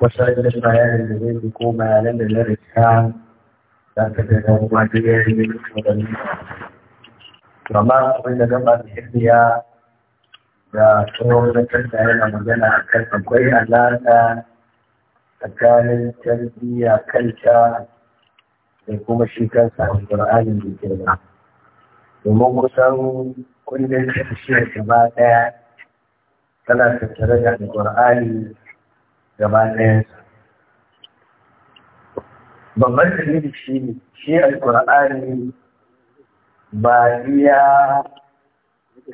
wasu bayanin da zai fi ko bayanan da na rika za ga da ɗan wata yari ne da ni amma abin da gaba da hirniya da tsohon da kanta yana magana a kan akwai alaƙa tsakanin tarbiyya kanta da kuma shi kansa a ƙur'anin da ke ba domin kusan kundin tafiyar gaba ɗaya tana tattare da alƙur'ani gaba ɗayansa babban dalili shi ne shi alƙur'ani ba iya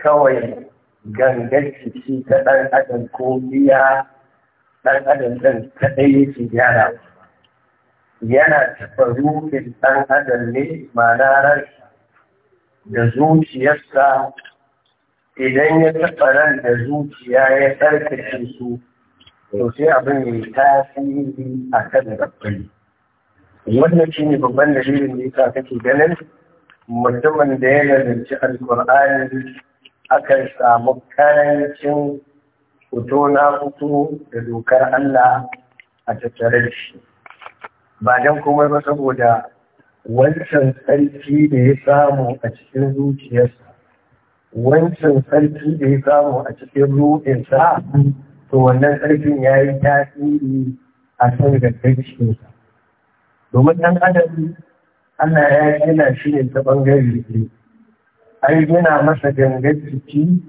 kawai gangar ciki ta ɗan adam ko iya ɗan adam ɗin kaɗai yake gyara yana taɓa rufin ɗan adam ne ma'ana da zuciyarsa idan ya taɓa ran da zuciya ya tsarkake su sosai sai abin ta tasiri a kan gabbai wannan shi ne babban dalilin da yasa kake ganin mutumin da ya nazarci alkur'ani akan samu karancin fito na fito da dokar Allah a tattare da shi ba don komai ba saboda wancan tsarki da ya samu a cikin zuciyarsa wancan tsarki da ya samu a cikin ruɗinsa to wannan ƙarfin ya yi tasiri a kan gangar cikinsa domin ɗan adam Allah ya gina shi ne ta ɓangare ne, an gina masa gangar jiki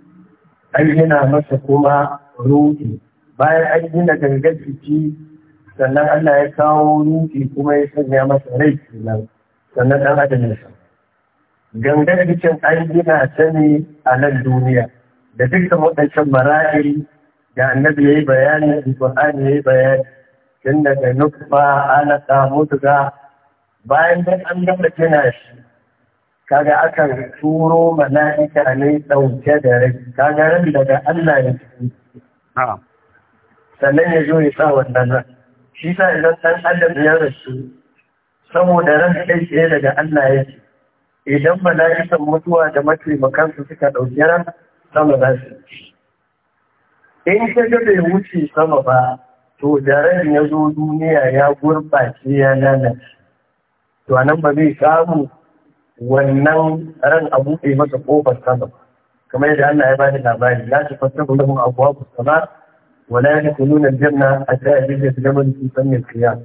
an gina masa kuma ruhi bayan an gina gangar jiki sannan Allah ya kawo ruhi kuma ya sanya masa rai kenan sannan ɗan adam ya samu gangar jikin an gina ta ne a nan duniya da dukkan waɗancan mara'iri da annabi ya yi bayani alƙur'ani ya yi bayani tun daga nufa alaka mutuga bayan duk an gama tuna shi kaga akan turo mala'ika ne ɗauke da rai kaga ran daga Allah ya ci sannan ya zo ya sa wannan ran shi sa idan ɗan adam ya rasu saboda ran kai tsaye daga Allah ya ce. idan mala'ikan mutuwa da mataimakansu suka ɗauki ran sama za su ci in kaga ga bai wuce sama ba to da ran ya zo duniya ya gurɓace ya lalace to anan ba zai samu wannan ran a buɗe masa ƙofar sama kamar yadda Allah ya ba da labari la ta fasabu lahum abwabu sama wa la yadkhuluna al hatta yajida jamal fi sammi al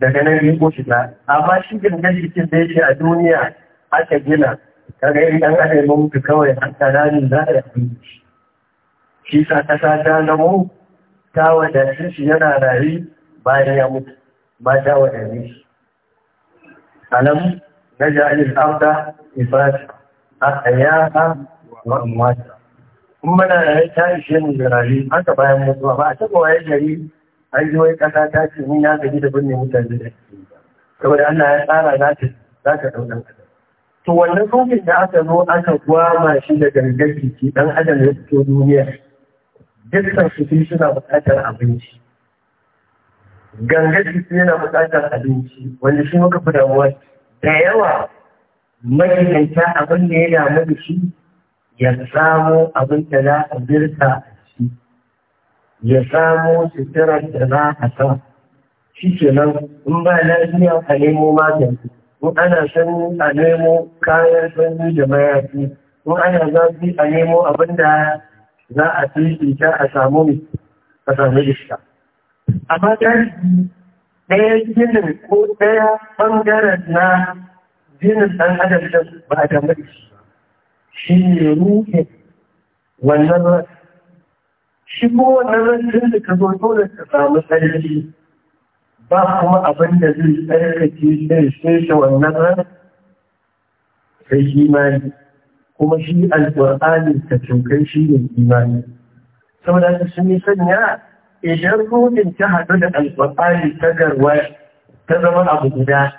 daga nan riko ta amma shi gangan jikin da yake a duniya aka gina kaga in dan adam mun kawai an tara ni za a yi kisa sa ƙasa ta zamo ta wadansu shi yana rayu bayan ya mutu ba ta wadansu shi alam na ja'alil abda a ayyaka wa amwata in mana rari ta ishe mu da an haka bayan mutuwa ba a taɓa waye gari an ji wai ƙasa ta ce ni na gaji da binne mutane da ke saboda Allah ya tsara za ta za ta to wannan rufin da aka zo aka gwama shi da gangar ɗan adam ya fito duniya dukkan su biyu suna buƙatar abinci gangar su yana buƙatar abinci wanda shi muka fi damuwa da yawa magidanta abin da ya damu da shi ya samo abin da za a birka a shi, ya samo suturar da za a sa shi ke nan in ba lafiya a nemo magani ko ana sanyi a nemo kayan sanyi da mayafi ko ana zafi a nemo abin da za a fifita a samu mai a samu iska amma galibi ɗaya ginin ko ɗaya ɓangaren na ginin ɗan adam ɗin ba a da shi shi ne ruhin wannan rasu shi ko wannan rasu da ka zo dole ka samu tsarki ba kuma abin da zai tsarkake shi sai shi wannan rasu sai imani kuma shi alƙur'ani ta cokai shi ne imani saboda su sun yi sanya idan ruhin ta haɗu da alƙur'ani ta garwa ta zama abu guda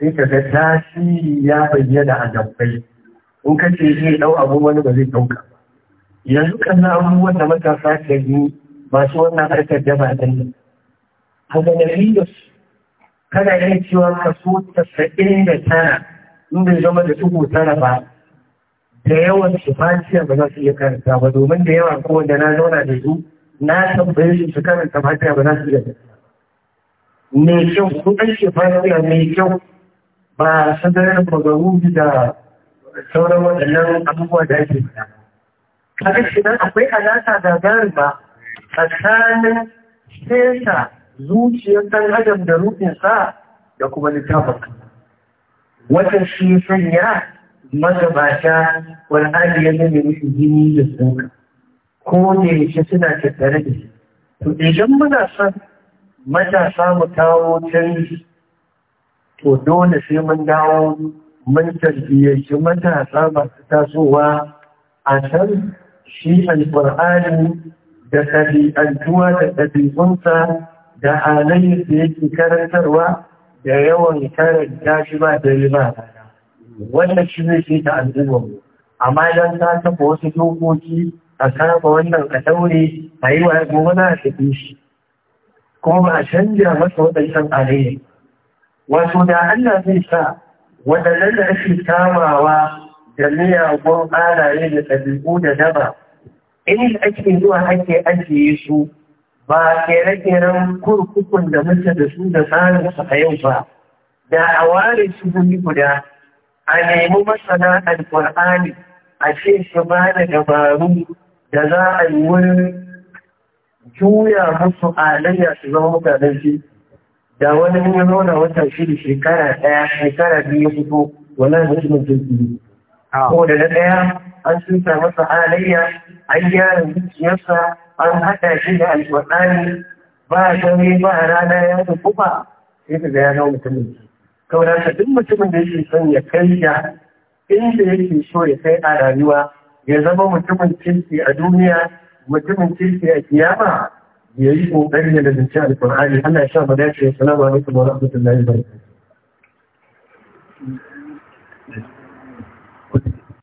sai ka ga tasiri ya bayyana a gabbai in ka ce zai ɗau abu wani ba zai ɗauka yanzu kan abubuwan da matasa ke yi masu wannan harkar jama'a ɗin a ganin kana yin cewa kaso tasa'in da tara in bai zama da tuhu tara ba da yawan su ba za su iya karanta ba domin da yawa ko wanda na zauna da su na tambaye su su karanta fatiya ba za su iya karanta mai kyau ko ɗan fatiya mai kyau ba su sadarar bagaru da sauran waɗannan abubuwa da ake fada kaga shi nan akwai alaƙa da garin ba tsakanin sesa zuciyar ɗan adam da sa da kuma littafin Wata shi sanya magabata ƙwar'ani ya zama musu jini da sauka ko da yake suna tattare da shi to idan muna son matasa mu kawo canji to dole sai mun dawo mun tarbiyyaci matasa masu tasowa a can shi alƙur'ani da ɗabi'antuwa da ɗabi'unsa da halayyar da yake karantarwa da yawan karanta shi ba da ba wannan shi zai ce ta al'ummar mu amma idan ka taɓa wasu dokoki a kafa wannan ka daure a yi wa gobe na a tafi shi kuma ba a canja masa waɗancan alayya wato da Allah zai sa waɗannan da ake kamawa da miyagun alaye da ɗabi'u da daba inda ake zuwa ake ajiye su ba kere-keren kurkukun da muke da su da tsarin su a yau ba da a ware su guda a nemi masana alƙur'ani a ce su ba da dabaru da za a yi wurin juya musu alayya su zama mutanen shi da wani ya zauna wata shiri shekara ɗaya shekara biyu fito wannan mutumin jirgi ko ah. da na ɗaya an cuta masa alayya an gyara zuciyarsa an haɗa shi da alƙur'ani ba dare ba rana ya rufufa sai ka ga ya zama mutumin saboda duk mutumin da yake son ya kai ya inda yake so ya kai a rayuwa ya zama mutumin kirki a duniya mutumin kirki a kiyama ya yi ƙoƙari da zance alkur'ani Allah ya sha da ce Salamu alaikum wa rahmatullahi wa barakatuh